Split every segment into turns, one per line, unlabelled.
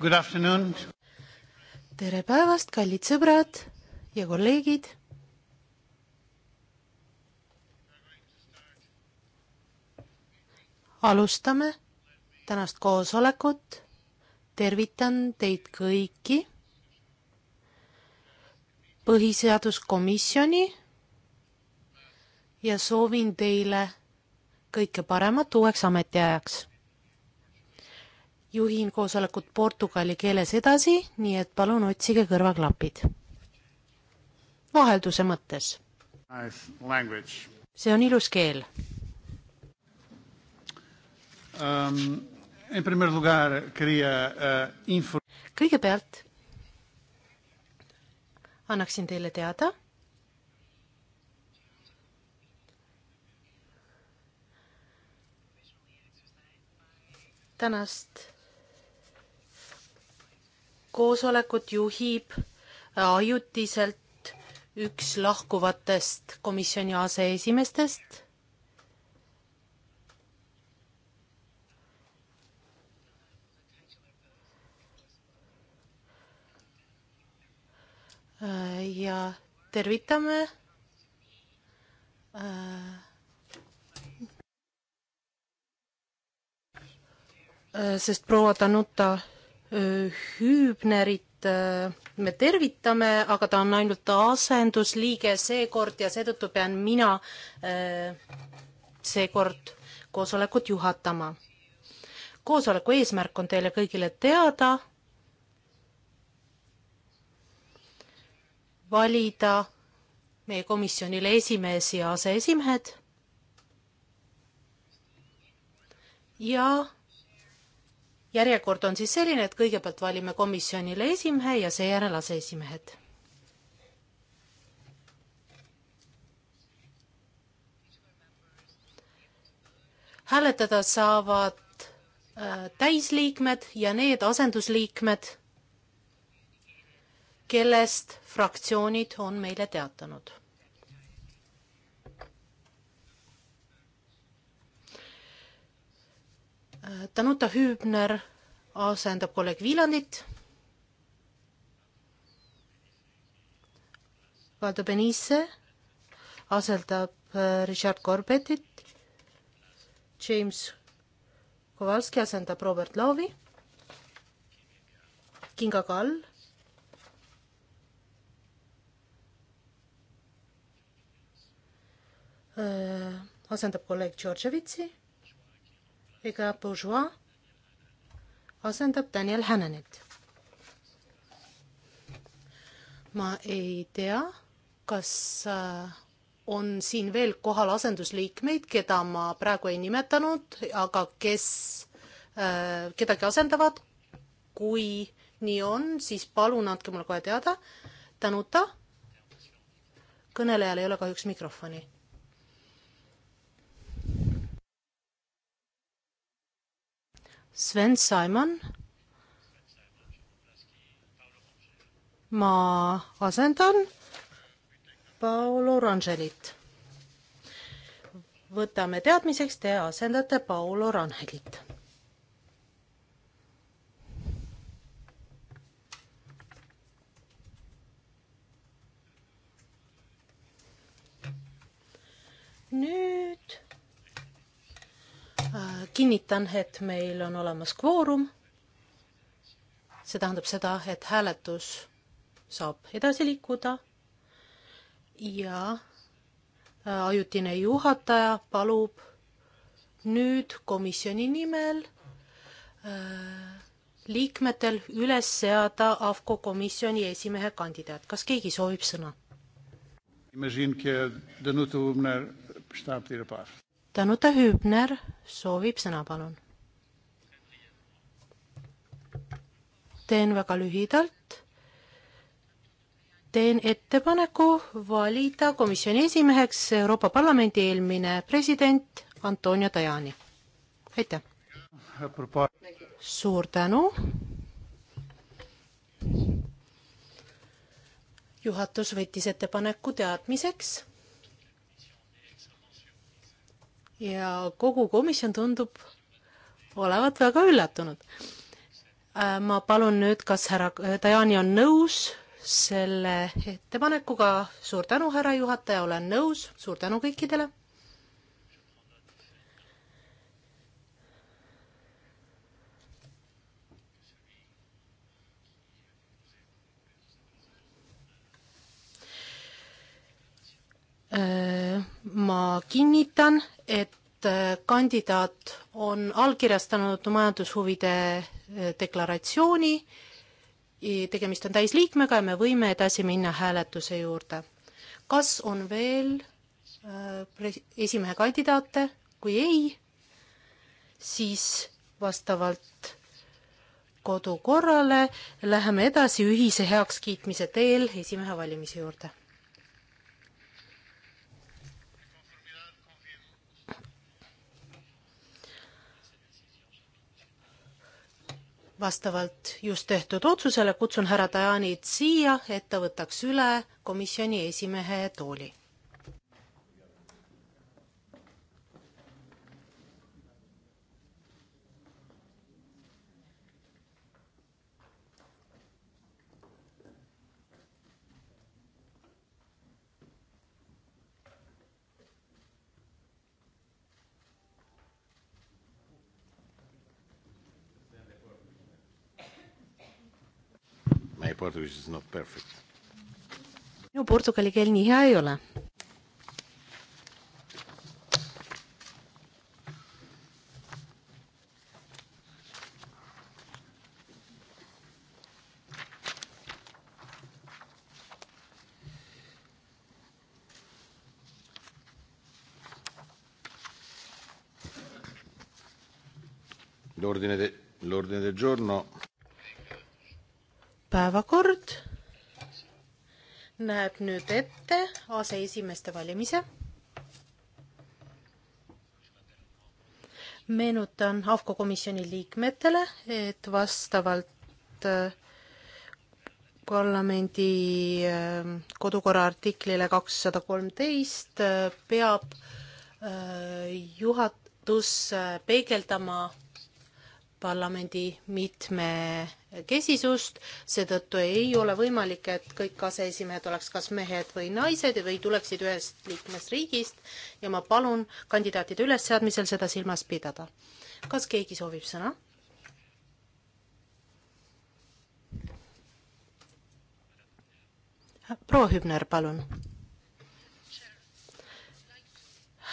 Good afternoon.
tere päevast, kallid sõbrad ja kolleegid. alustame tänast koosolekut. tervitan teid kõiki põhiseaduskomisjoni ja soovin teile kõike paremat uueks ametiajaks juhin koosolekut portugali keeles edasi, nii et palun otsige kõrvaklapid. vahelduse mõttes. see on ilus keel
um,. Uh,
kõigepealt annaksin teile teada, tänast koosolekut juhib äh, ajutiselt üks lahkuvatest komisjoni aseesimeestest. Äh, ja tervitame äh, sest proua Danuta Hüübnerit me tervitame, aga ta on ainult asendusliige seekord ja seetõttu pean mina seekord koosolekut juhatama. koosoleku eesmärk on teile kõigile teada. valida meie komisjonile esimees ja aseesimehed. ja järjekord on siis selline, et kõigepealt valime komisjonile esimehe ja seejärel aseesimehed. hääletada saavad äh, täisliikmed ja need asendusliikmed, kellest fraktsioonid on meile teatanud Danuta Hübner asendab kolleeg Viilandit. Valdo Benisse asendab äh, Richard Corbettit. James Kowalski asendab Robert Laavi. Kinga Kall. Äh, asendab kolleeg Georgievitsi Vika Bourgeois asendab Daniel Hannanit. ma ei tea, kas äh, on siin veel kohal asendusliikmeid, keda ma praegu ei nimetanud, aga kes äh, kedagi asendavad. kui nii on, siis palun andke mulle kohe teada. Danuta, kõnelejal ei ole kahjuks mikrofoni Sven Simon. ma asendan Paolo Rangelit. võtame teadmiseks, te asendate Paolo Rangelit. nüüd Äh, kinnitan, et meil on olemas kvoorum. see tähendab seda, et hääletus saab edasi liikuda ja äh, ajutine juhataja palub nüüd komisjoni nimel äh, liikmetel üles seada AFCO komisjoni esimehe kandidaat. kas keegi soovib sõna? Danuta Hübner soovib sõna, palun. teen väga lühidalt. teen ettepaneku valida komisjoni esimeheks Euroopa Parlamendi eelmine president Antonio Tajani. aitäh! suur tänu! juhatus võttis ettepaneku teadmiseks ja kogu komisjon tundub olevat väga üllatunud. Äh, ma palun nüüd, kas härra äh, Dajani on nõus selle ettepanekuga, suur tänu, härra juhataja, olen nõus, suur tänu kõikidele äh, ma kinnitan, et äh, kandidaat on allkirjastanud majandushuvide äh, deklaratsiooni, tegemist on täisliikmega ja me võime edasi minna hääletuse juurde. kas on veel äh, esimehe kandidaate, kui ei, siis vastavalt kodukorrale läheme edasi ühise heakskiitmise teel esimehe valimise juurde vastavalt just tehtud otsusele kutsun härra Tajanit siia, et ta võtaks üle komisjoni esimehe tooli.
which is not perfect.
minu portugali keel nii hea ei ole näeb nüüd ette aseesimeeste valimise. meenutan AFCO komisjoni liikmetele, et vastavalt äh, parlamendi äh, kodukorra artiklile kakssada kolmteist äh, peab juhatus peegeldama parlamendi mitmekesisust, seetõttu ei ole võimalik, et kõik aseesimehed oleks kas mehed või naised või tuleksid ühest liikmesriigist ja ma palun kandidaatide ülesseadmisel seda silmas pidada. kas keegi soovib sõna? proua Hübner, palun.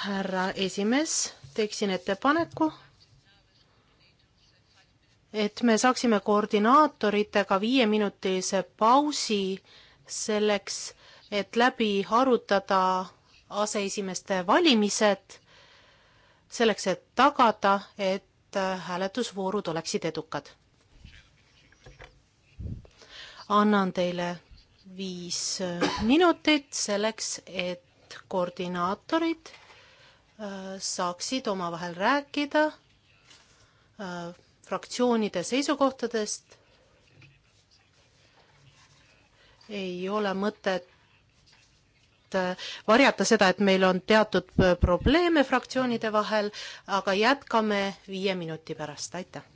härra esimees, teeksin ettepaneku et me saaksime koordinaatoritega viieminutilise pausi selleks, et läbi arutada aseesimeeste valimised, selleks, et tagada, et äh, hääletusvoorud oleksid edukad. annan teile viis äh, minutit selleks, et koordinaatorid äh, saaksid omavahel rääkida fraktsioonide seisukohtadest. ei ole mõtet äh, varjata seda, et meil on teatud äh, probleeme fraktsioonide vahel, aga jätkame viie minuti pärast, aitäh!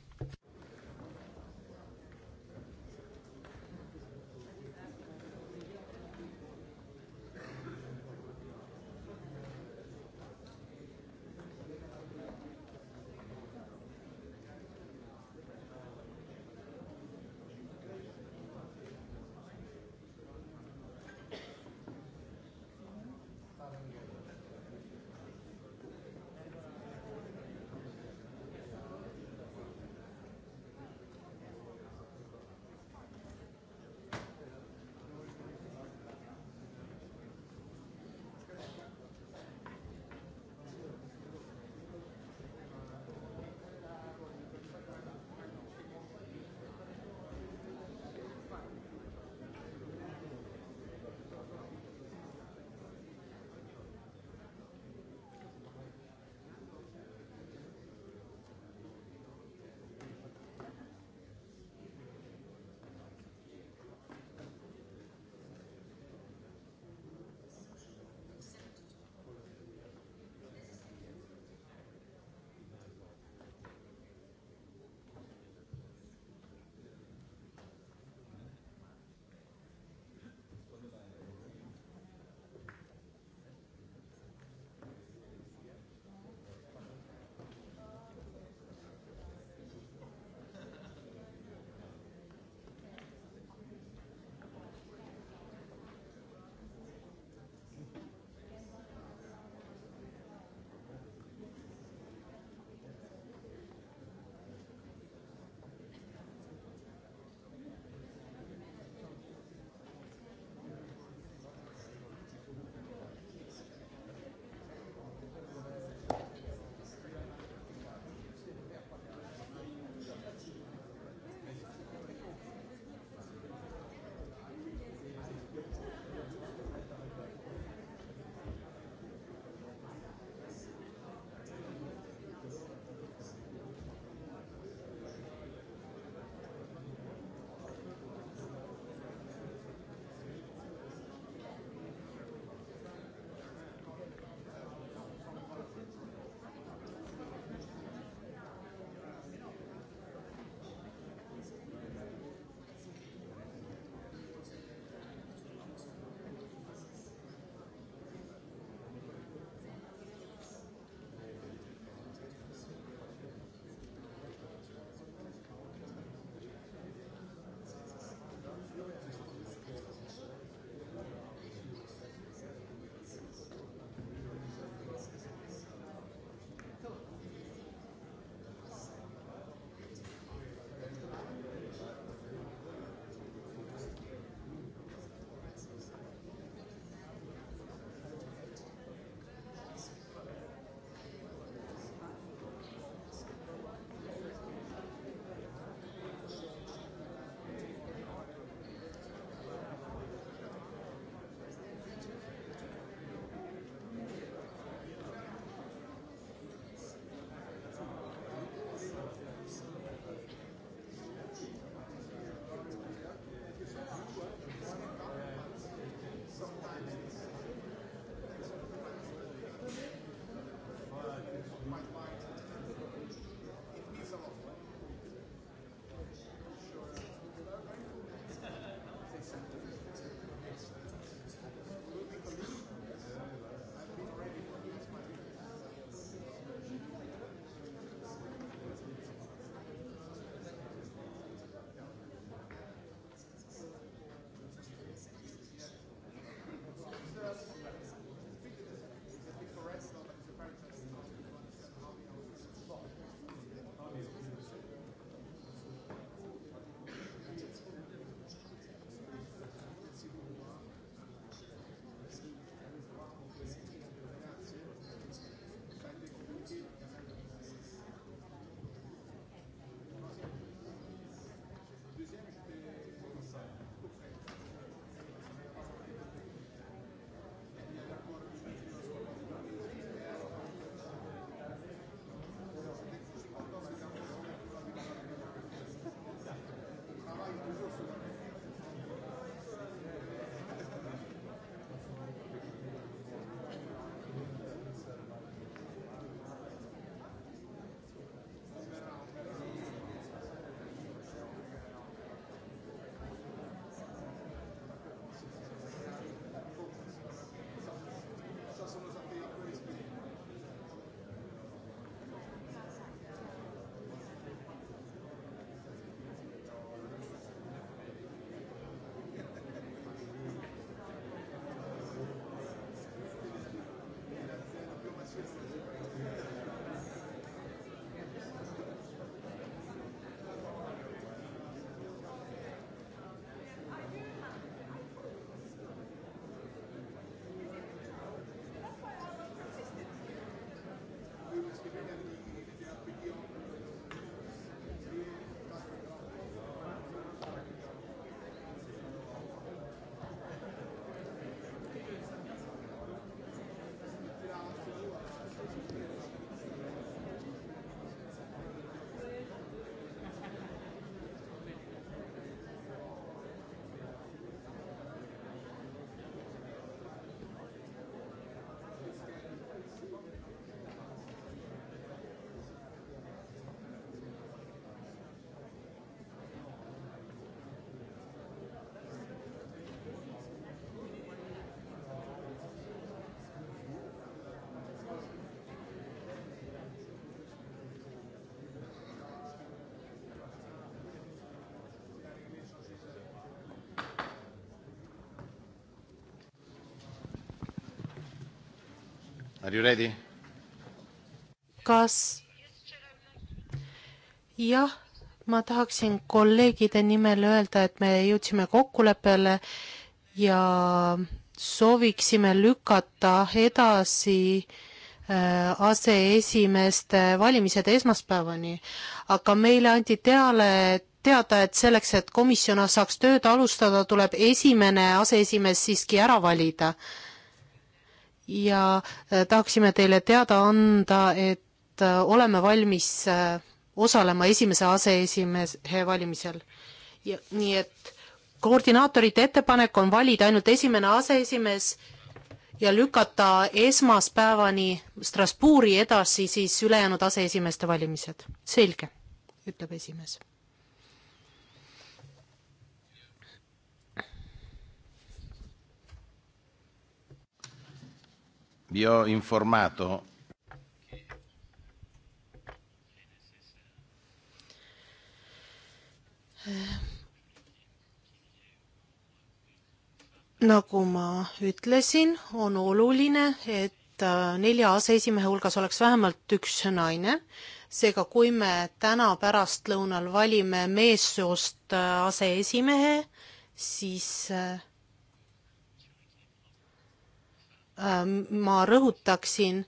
Are you ready? kas jah, ma tahaksin kolleegide nimel öelda, et me jõudsime kokkuleppele ja sooviksime lükata edasi äh, aseesimeeste valimised esmaspäevani, aga meile anti teale, et teada, et selleks, et komisjon saaks tööd alustada, tuleb esimene aseesimees siiski ära valida ja äh, tahaksime teile teada anda, et äh, oleme valmis äh, osalema esimese aseesimehe valimisel. nii et koordinaatorite ettepanek on valida ainult esimene aseesimees ja lükata esmaspäevani Strasbourgi edasi siis ülejäänud aseesimeeste valimised. selge, ütleb esimees
Vi ho informato
nagu ma ütlesin, on oluline, et äh, nelja aseesimehe hulgas oleks vähemalt üks naine, seega kui me täna pärastlõunal valime meessoost äh, aseesimehe, siis äh, Ähm, ma rõhutaksin,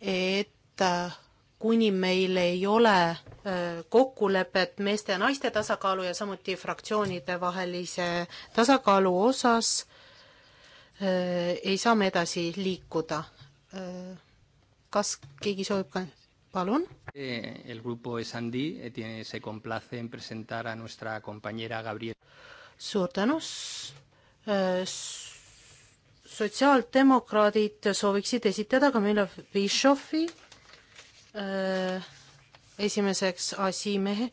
et äh, kuni meil ei ole äh, kokkulepet meeste ja naiste tasakaalu ja samuti fraktsioonide vahelise tasakaalu osas, äh, ei saa me edasi liikuda. kas keegi soovib ka? palun. Eh, el grupo Esandi eh, se complace en presentar a nuestra compañera Gabriel. suur tänu sotsiaaldemokraadid sooviksid esitada Camilla Bischofi äh, esimeseks asimehe,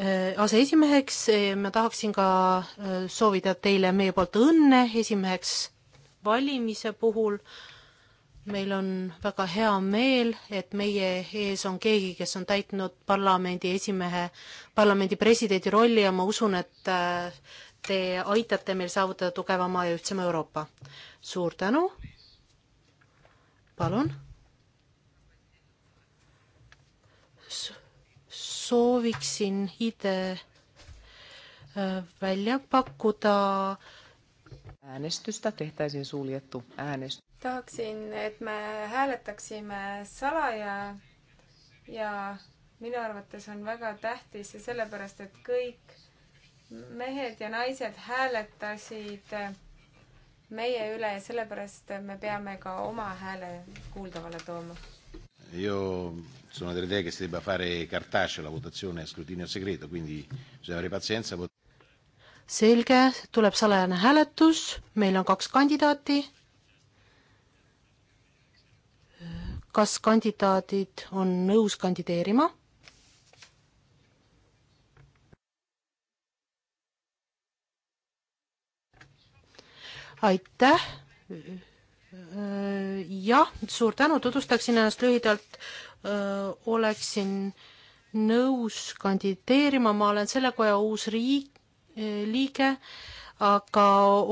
äh, aseesimeheks, ma tahaksin ka äh, soovida teile meie poolt õnne esimeheks valimise puhul. meil on väga hea meel, et meie ees on keegi, kes on täitnud parlamendi esimehe, parlamendi presidendi rolli ja ma usun, et te aitate meil saavutada tugevama ja ühtsema Euroopa. suur tänu. palun. sooviksin idee äh, välja pakkuda. äänestystä tehtäisiin suljettu äänestys. tahaksin, et me hääletaksime salaja ja minu arvates on väga tähtis ja sellepärast, et kõik mehed ja naised hääletasid meie üle ja sellepärast me peame ka oma hääle kuuldavale tooma.
Io sono dell'idea che si debba fare cartaceo la votazione a scrutinio segreto, quindi bisogna avere pazienza.
selge, tuleb salajane hääletus, meil on kaks kandidaati. kas kandidaadid on nõus kandideerima? aitäh. jah, suur tänu, tutvustaksin ennast lühidalt. oleksin nõus kandideerima, ma olen selle koja uus riik, liige, aga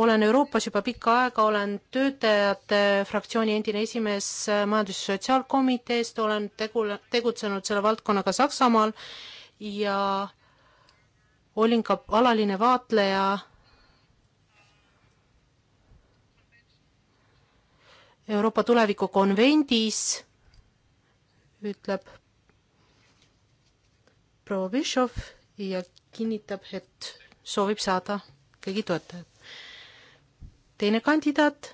olen Euroopas juba pikka aega, olen töötajate fraktsiooni endine esimees Majandus- ja Sotsiaalkomiteest, olen tegu, tegutsenud selle valdkonnaga Saksamaal ja olin ka alaline vaatleja Euroopa tuleviku konvendis ütleb proua Bischoff ja kinnitab, et soovib saada kõigi toetajat. teine kandidaat?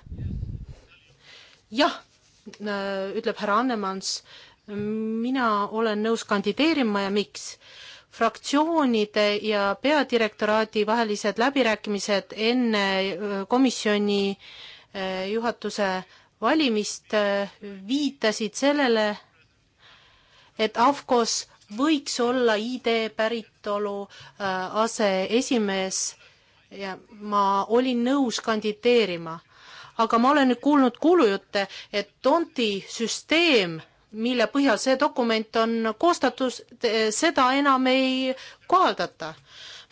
jah, äh, ütleb härra Annemans, mina olen nõus kandideerima ja miks? fraktsioonide ja peadirektoraadi vahelised läbirääkimised enne äh, komisjoni äh, juhatuse valimist äh, viitasid sellele, et AFCOs võiks olla ID päritolu äh, aseesimees ja ma olin nõus kandideerima. aga ma olen nüüd kuulnud kuulujutte, et Tonti süsteem, mille põhjal see dokument on koostatud, seda enam ei kohaldata.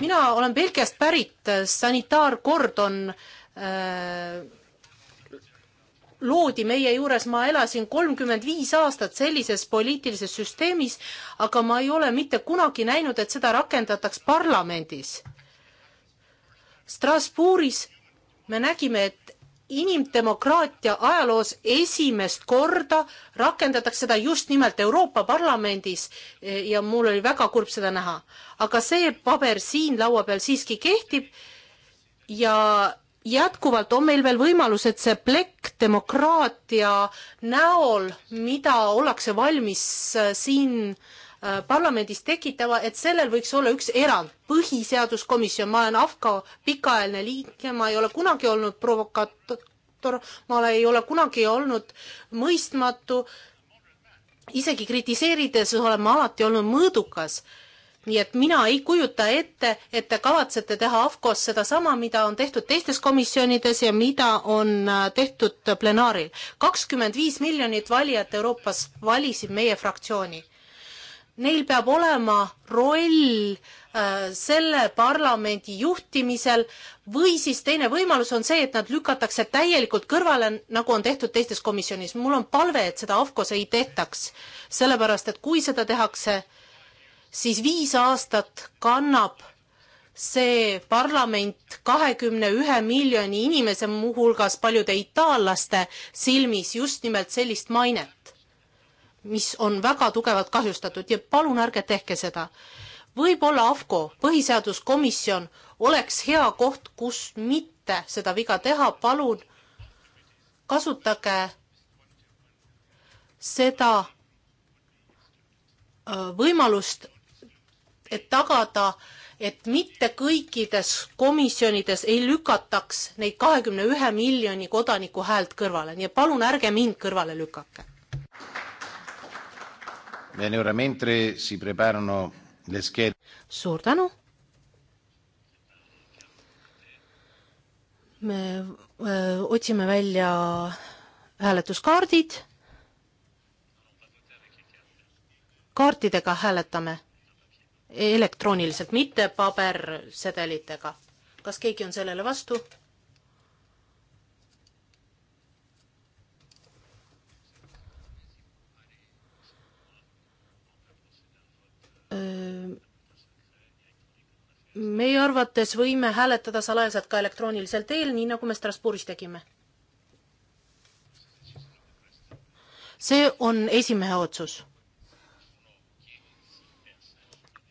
mina olen Belgiast pärit, sanitaarkord on äh, loodi meie juures, ma elasin kolmkümmend viis aastat sellises poliitilises süsteemis, aga ma ei ole mitte kunagi näinud, et seda rakendataks parlamendis. Strasbourgis me nägime, et inimdemokraatia ajaloos esimest korda rakendatakse seda just nimelt Euroopa Parlamendis eh, ja mul oli väga kurb seda näha. aga see paber siin laua peal siiski kehtib ja jätkuvalt on meil veel võimalus, et see plekk demokraatia näol, mida ollakse valmis äh, siin äh, parlamendis tekitama, et sellel võiks olla üks erand, põhiseaduskomisjon, ma olen AFCA pikaajaline liige, ma ei ole kunagi olnud provokaator, ma ei ole kunagi olnud mõistmatu, isegi kritiseerides olen ma alati olnud mõõdukas nii et mina ei kujuta ette, et te kavatsete teha AFCOs sedasama, mida on tehtud teistes komisjonides ja mida on äh, tehtud plenaaril. kakskümmend viis miljonit valijat Euroopas valisid meie fraktsiooni. Neil peab olema roll äh, selle parlamendi juhtimisel või siis teine võimalus on see, et nad lükatakse täielikult kõrvale, nagu on tehtud teistes komisjonis. mul on palve, et seda AFCOs ei tehtaks, sellepärast et kui seda tehakse, siis viis aastat kannab see parlament kahekümne ühe miljoni inimese, muuhulgas paljude itaallaste silmis just nimelt sellist mainet, mis on väga tugevalt kahjustatud ja palun ärge tehke seda. võib-olla AFCO, põhiseaduskomisjon, oleks hea koht, kus mitte seda viga teha, palun kasutage seda äh, võimalust et tagada, et mitte kõikides komisjonides ei lükataks neid kahekümne ühe miljoni kodaniku häält kõrvale, nii et palun ärge mind kõrvale lükake. suur tänu. me öö, äh, otsime välja hääletuskaardid. kaartidega hääletame elektrooniliselt, mitte pabersedelitega. kas keegi on sellele vastu? meie arvates võime hääletada salajaselt ka elektroonilisel teel, nii nagu me Strasbourgis tegime. see on esimehe otsus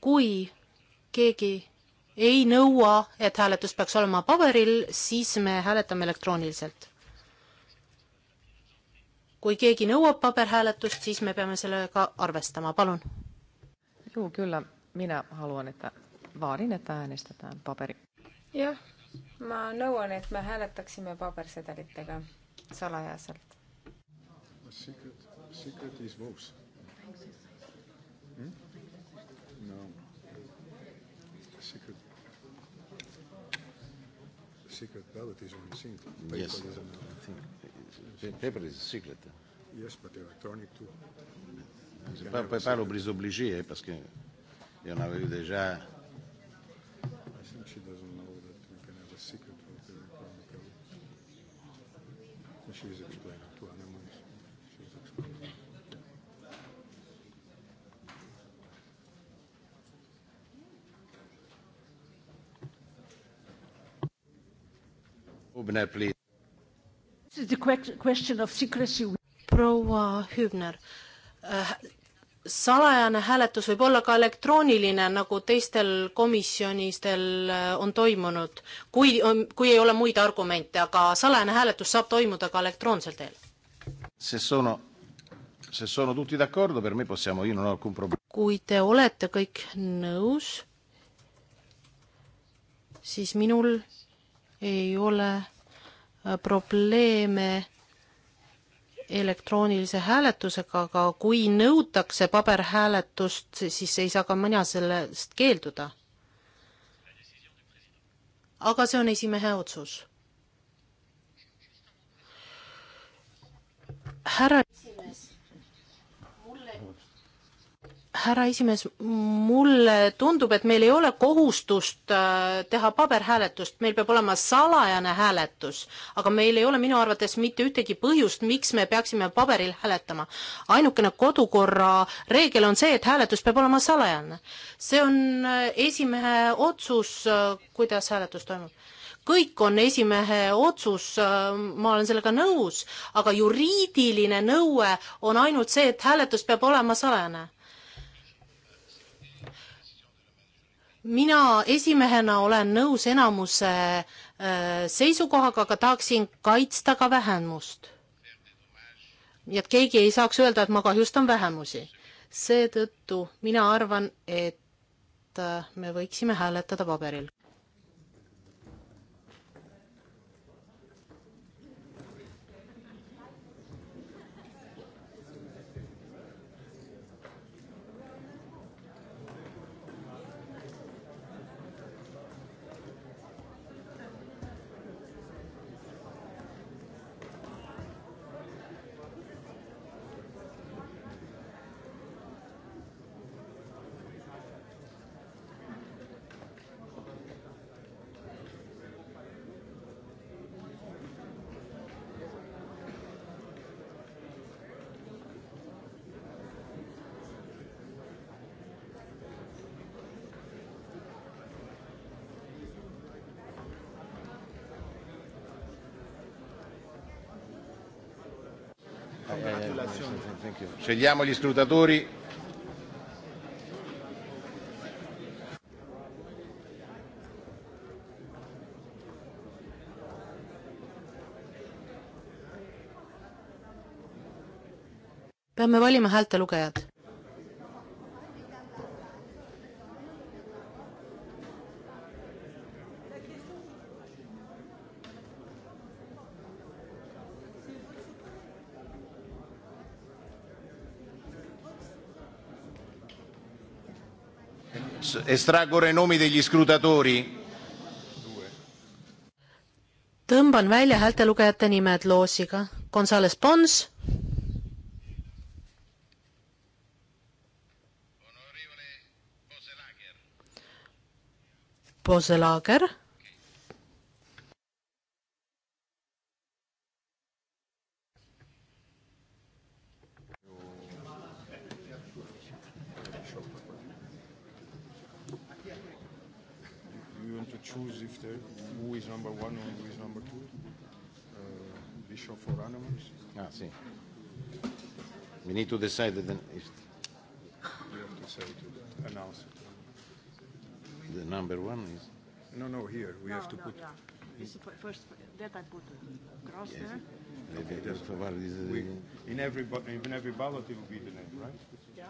kui keegi ei nõua, et hääletus peaks olema paberil, siis me hääletame elektrooniliselt. kui keegi nõuab paberhääletust, siis me peame sellega arvestama, palun. juu, küll, mina haluan, et vaarin, et äänestada paberi. jah, ma nõuan, et me hääletaksime pabersedelitega salajaselt. Secret, secret is worse No. Secret, secret ballot is on single. Paper yes. Is on
I think paper is secret. Eh?
Yes, but electronic too. C'est pas, pas, pas
l'oblige obligé, hein, eh? parce que il y en avait eu déjà. I
think she doesn't know that we can have a secret vote electronically. She is a proua Hübner äh,, salajane hääletus võib olla ka elektrooniline, nagu teistel komisjonidel äh, on toimunud, kui, kui ei ole muid argumente, aga salajane hääletus saab toimuda ka elektroonsel teel. kui te olete kõik nõus, siis minul ei ole Äh, probleeme elektroonilise hääletusega, aga kui nõutakse paberhääletust, siis ei saa ka mina sellest keelduda. aga see on esimehe otsus. härra härra esimees, mulle tundub, et meil ei ole kohustust äh, teha paberhääletust, meil peab olema salajane hääletus, aga meil ei ole minu arvates mitte ühtegi põhjust, miks me peaksime paberil hääletama. ainukene kodukorra reegel on see, et hääletus peab olema salajane. see on äh, esimehe otsus, äh, kuidas hääletus toimub kõik on esimehe otsus, ma olen sellega nõus, aga juriidiline nõue on ainult see, et hääletus peab olema salajane mina esimehena olen nõus enamuse äh, seisukohaga, aga tahaksin kaitsta ka vähemust. nii et keegi ei saaks öelda, et ma kahjustan vähemusi. seetõttu mina arvan, et äh, me võiksime hääletada paberil.
scegliamo gli scrutatori
peame valima häälte lugejad
estraggono i nomi degli scrutatori.
tõmban välja häältelugejate nimed loosiga. Gonzales Pons. Poselager
We need to decide that then if announce it. The number one is? No, no, here, we no, have to no, put. Yeah.
It's first, that I put cross yes. there. Okay, that's,
we, in, every, in every ballot, it will be the name, right? Yeah.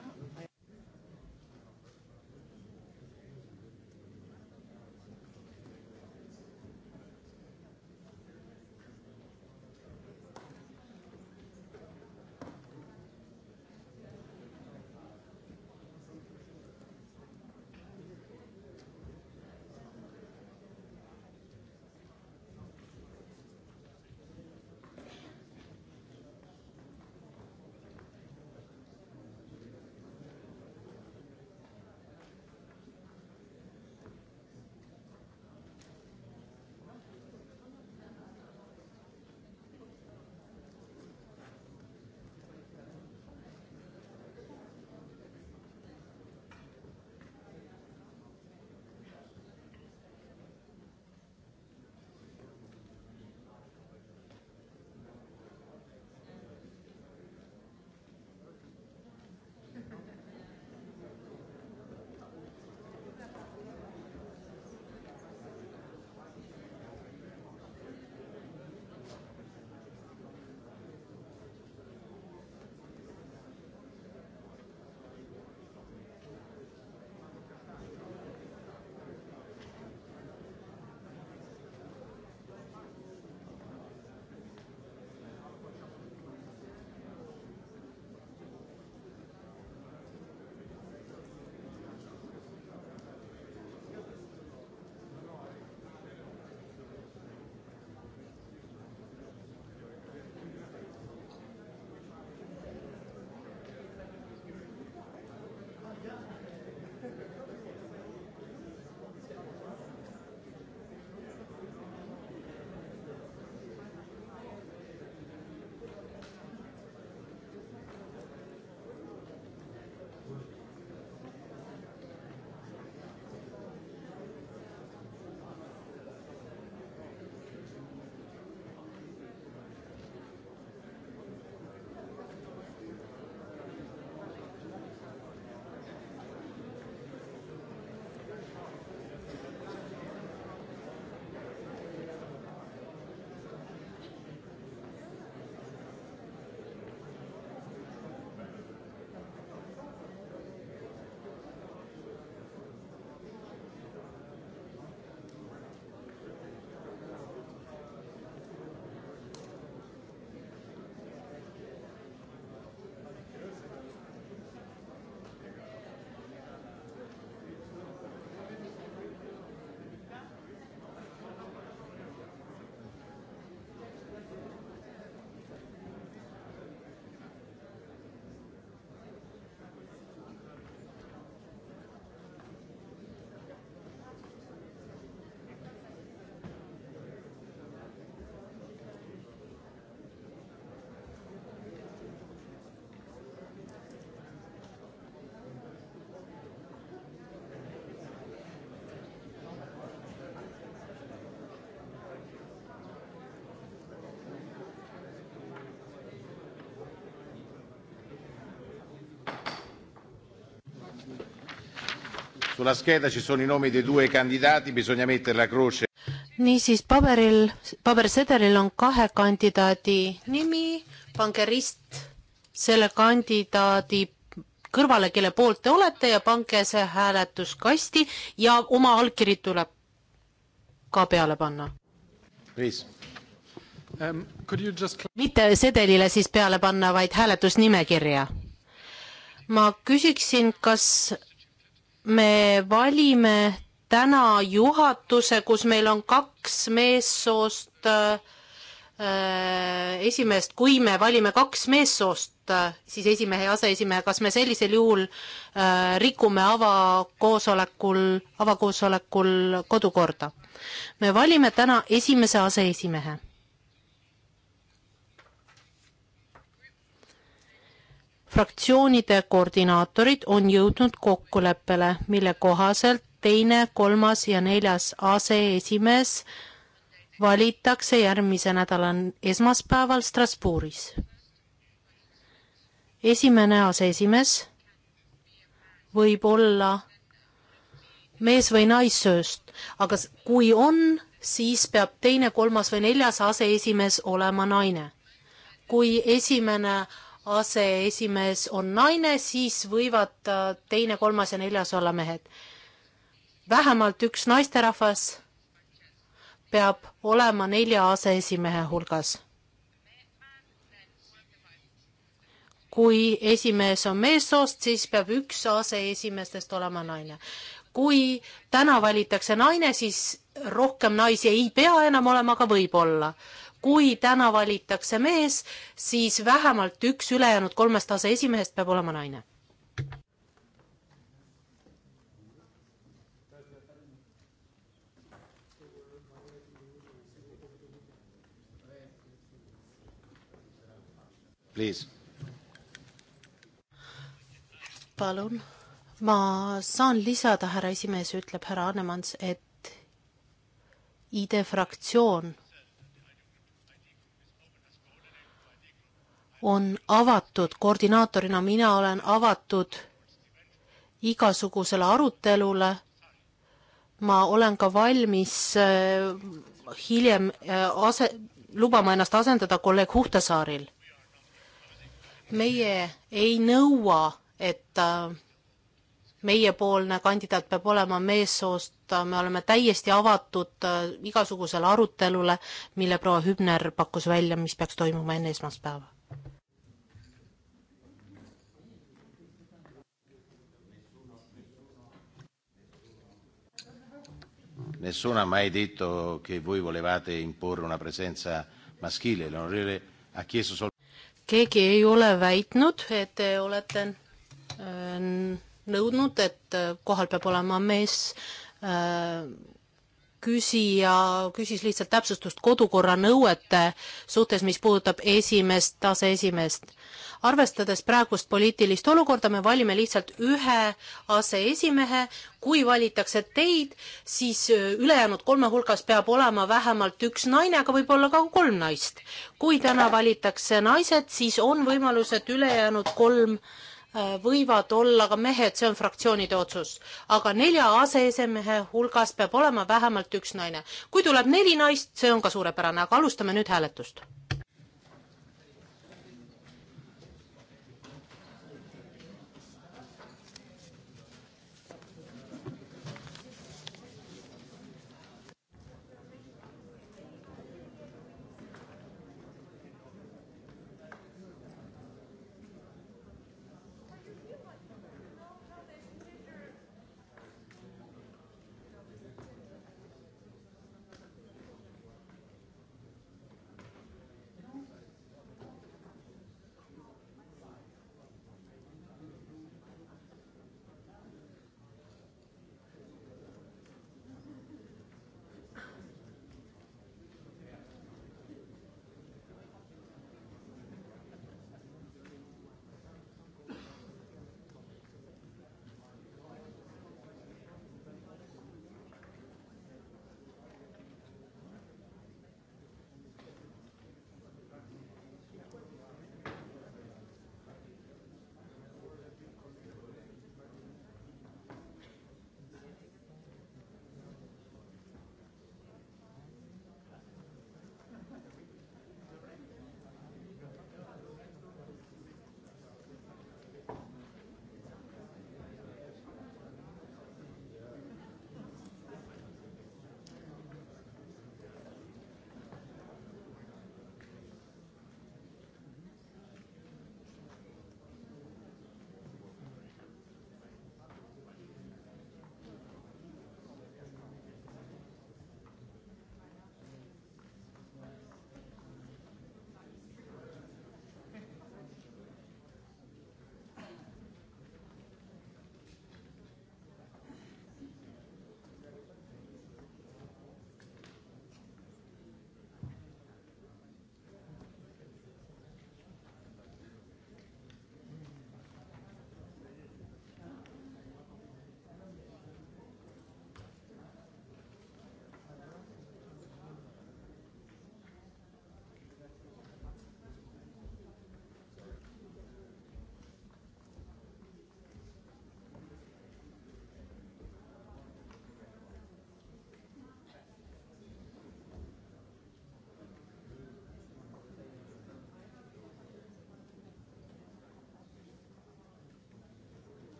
Sulla scheda ci sono i nomi dei due candidati, bisogna mettere la croce.
niisiis, paberil, pabersedelil on kahe kandidaadi nimi, pange rist selle kandidaadi kõrvale, kelle poolt te olete ja pange see hääletuskasti ja oma allkiri tuleb ka peale panna.
Um, just...
mitte sedelile siis peale panna, vaid hääletusnimekirja. ma küsiksin, kas me valime täna juhatuse, kus meil on kaks meessoost äh, esimeest, kui me valime kaks meessoost äh,, siis esimehe ja aseesimehe, kas me sellisel juhul äh, rikume avakoosolekul, avakoosolekul kodukorda? me valime täna esimese aseesimehe fraktsioonide koordinaatorid on jõudnud kokkuleppele, mille kohaselt teine, kolmas ja neljas aseesimees valitakse järgmise nädala esmaspäeval Strasbourgis. esimene aseesimees võib olla mees või naissööst, aga kui on, siis peab teine, kolmas või neljas aseesimees olema naine. kui esimene aseesimees on naine, siis võivad äh, teine, kolmas ja neljas olla mehed. vähemalt üks naisterahvas peab olema nelja aseesimehe hulgas. kui esimees on meessoost, siis peab üks aseesimeestest olema naine. kui täna valitakse naine, siis rohkem naisi ei pea enam olema, aga võib-olla kui täna valitakse mees, siis vähemalt üks ülejäänud kolmest aseesimehest peab olema naine. Please. palun, ma saan lisada, härra esimees, ütleb härra Annemans, et ID fraktsioon on avatud, koordinaatorina mina olen avatud igasugusele arutelule, ma olen ka valmis äh, hiljem äh, ase, lubama ennast asendada kolleeg Huhtasaaril. meie ei nõua, et äh, meiepoolne kandidaat peab olema meessoost, me oleme täiesti avatud igasugusele arutelule, mille proua Hübner pakkus välja, mis peaks toimuma enne esmaspäeva
nessuno ha mai detto che voi volevate imporre una presenza maschile, l'onorevole ha chiesto sol-
keegi ei ole väitnud, et te olete äh, nõudnud, et kohal peab olema mees äh, küsija küsis lihtsalt täpsustust kodukorra nõuete suhtes, mis puudutab esimest, aseesimeest. arvestades praegust poliitilist olukorda, me valime lihtsalt ühe aseesimehe, kui valitakse teid, siis äh, ülejäänud kolme hulgas peab olema vähemalt üks naine, aga võib-olla ka kolm naist. kui täna valitakse naised, siis on võimalus, et ülejäänud kolm äh, Äh, võivad olla ka mehed, see on fraktsioonide otsus. aga nelja aseesimehe hulgas peab olema vähemalt üks naine. kui tuleb neli naist, see on ka suurepärane, aga alustame nüüd hääletust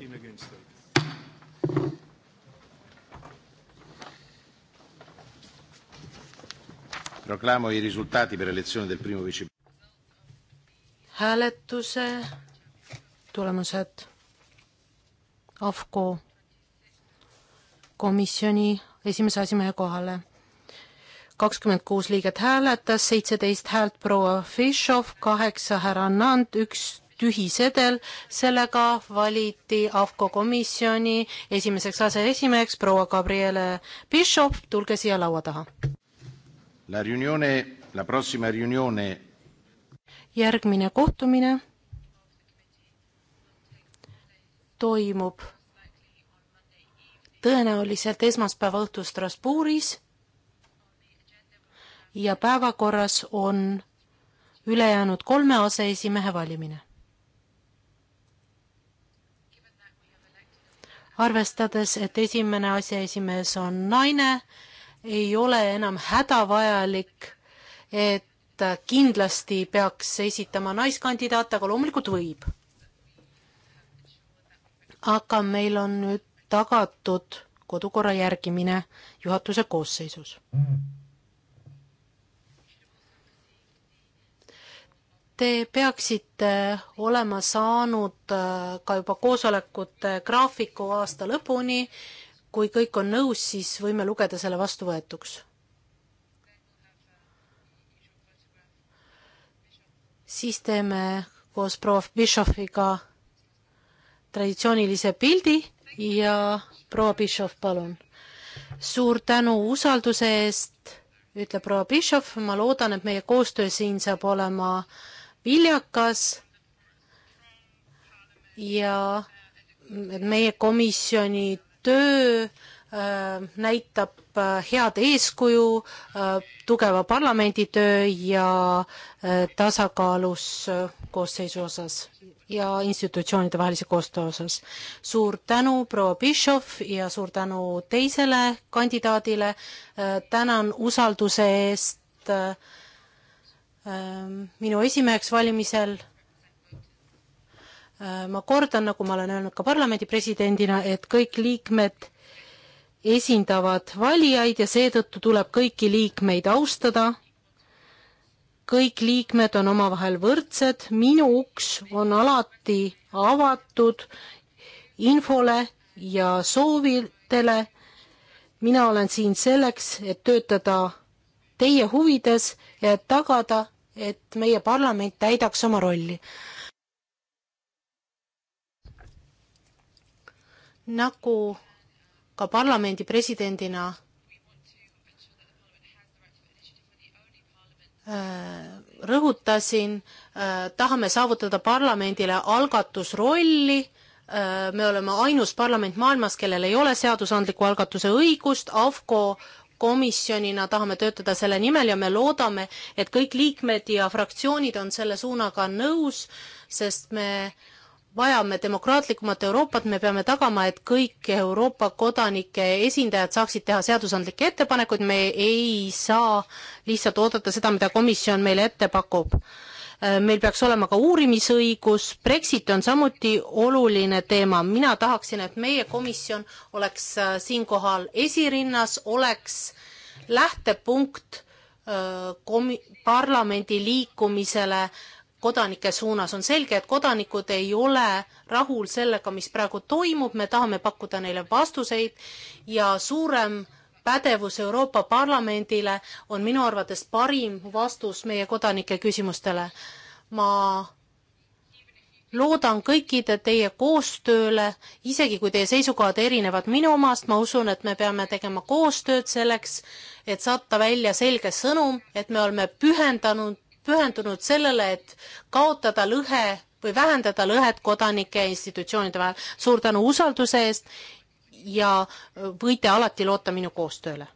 Tiina Kensler.
Proclamo i risultati per l'elezione del primo vice.
hääletuse tulemused. AFCO komisjoni esimese asimehe kohale. kakskümmend kuus liiget hääletas, seitseteist häält proua Fischov, kaheksa härra Nand, üks tühi sedel, sellega valiti AFCO komisjoni esimeseks aseesimeheks proua Gabriele Bishop, tulge siia laua taha.
La riunione, la prossima riunione.
järgmine kohtumine toimub tõenäoliselt esmaspäeva õhtul Strasbourgis ja päevakorras on ülejäänud kolme aseesimehe valimine arvestades, et esimene aseesimees on naine, ei ole enam hädavajalik, et kindlasti peaks esitama naiskandidaat, aga loomulikult võib. aga meil on nüüd tagatud kodukorra järgimine juhatuse koosseisus mm.. Te peaksite olema saanud äh, ka juba koosolekute graafiku aasta lõpuni. kui kõik on nõus, siis võime lugeda selle vastuvõetuks. siis teeme koos proua Bischofiga traditsioonilise pildi ja proua Bischof, palun. suur tänu usalduse eest, ütleb proua Bischof, ma loodan, et meie koostöö siin saab olema äh, viljakas ja meie komisjoni töö äh, näitab äh, head eeskuju, äh, tugeva parlamenditöö ja tasakaalus koosseisu osas ja institutsioonide vahelise koostöö osas. suur tänu, proua Bischoff ja suur tänu teisele kandidaadile. tänan usalduse eest Ehm, minu esimeheks valimisel ehm, ma kordan, nagu ma olen öelnud ka parlamendi presidendina, et kõik liikmed esindavad valijaid ja seetõttu tuleb kõiki liikmeid austada. kõik liikmed on omavahel võrdsed, minu uks on alati avatud infole ja soovidele. mina olen siin selleks, et töötada teie huvides ja tagada, et meie parlament täidaks oma rolli. nagu ka parlamendi presidendina äh, rõhutasin, äh, tahame saavutada parlamendile algatusrolli, äh, me oleme ainus parlament maailmas, kellel ei ole seadusandliku algatuse õigust, AFCO komisjonina tahame töötada selle nimel ja me loodame, et kõik liikmed ja fraktsioonid on selle suunaga nõus, sest me vajame demokraatlikumat Euroopat, me peame tagama, et kõik Euroopa kodanike esindajad saaksid teha seadusandlikke ettepanekuid, me ei saa lihtsalt oodata seda, mida komisjon meile ette pakub Äh, meil peaks olema ka uurimisõigus, Brexit on samuti oluline teema, mina tahaksin, et meie komisjon oleks äh, siinkohal esirinnas, oleks lähtepunkt äh, komi-, parlamendi liikumisele kodanike suunas, on selge, et kodanikud ei ole rahul sellega, mis praegu toimub, me tahame pakkuda neile vastuseid ja suurem äh, pädevus Euroopa Parlamendile on minu arvates parim vastus meie kodanike küsimustele. ma loodan kõikide teie koostööle, isegi kui teie seisukohad erinevad minu omast, ma usun, et me peame tegema koostööd selleks, et saata välja selge sõnum, et me oleme pühendanud, pühendunud sellele, et kaotada lõhe või vähendada lõhet kodanike ja institutsioonide vahel. suur tänu usalduse eest ja võite alati loota minu koostööle.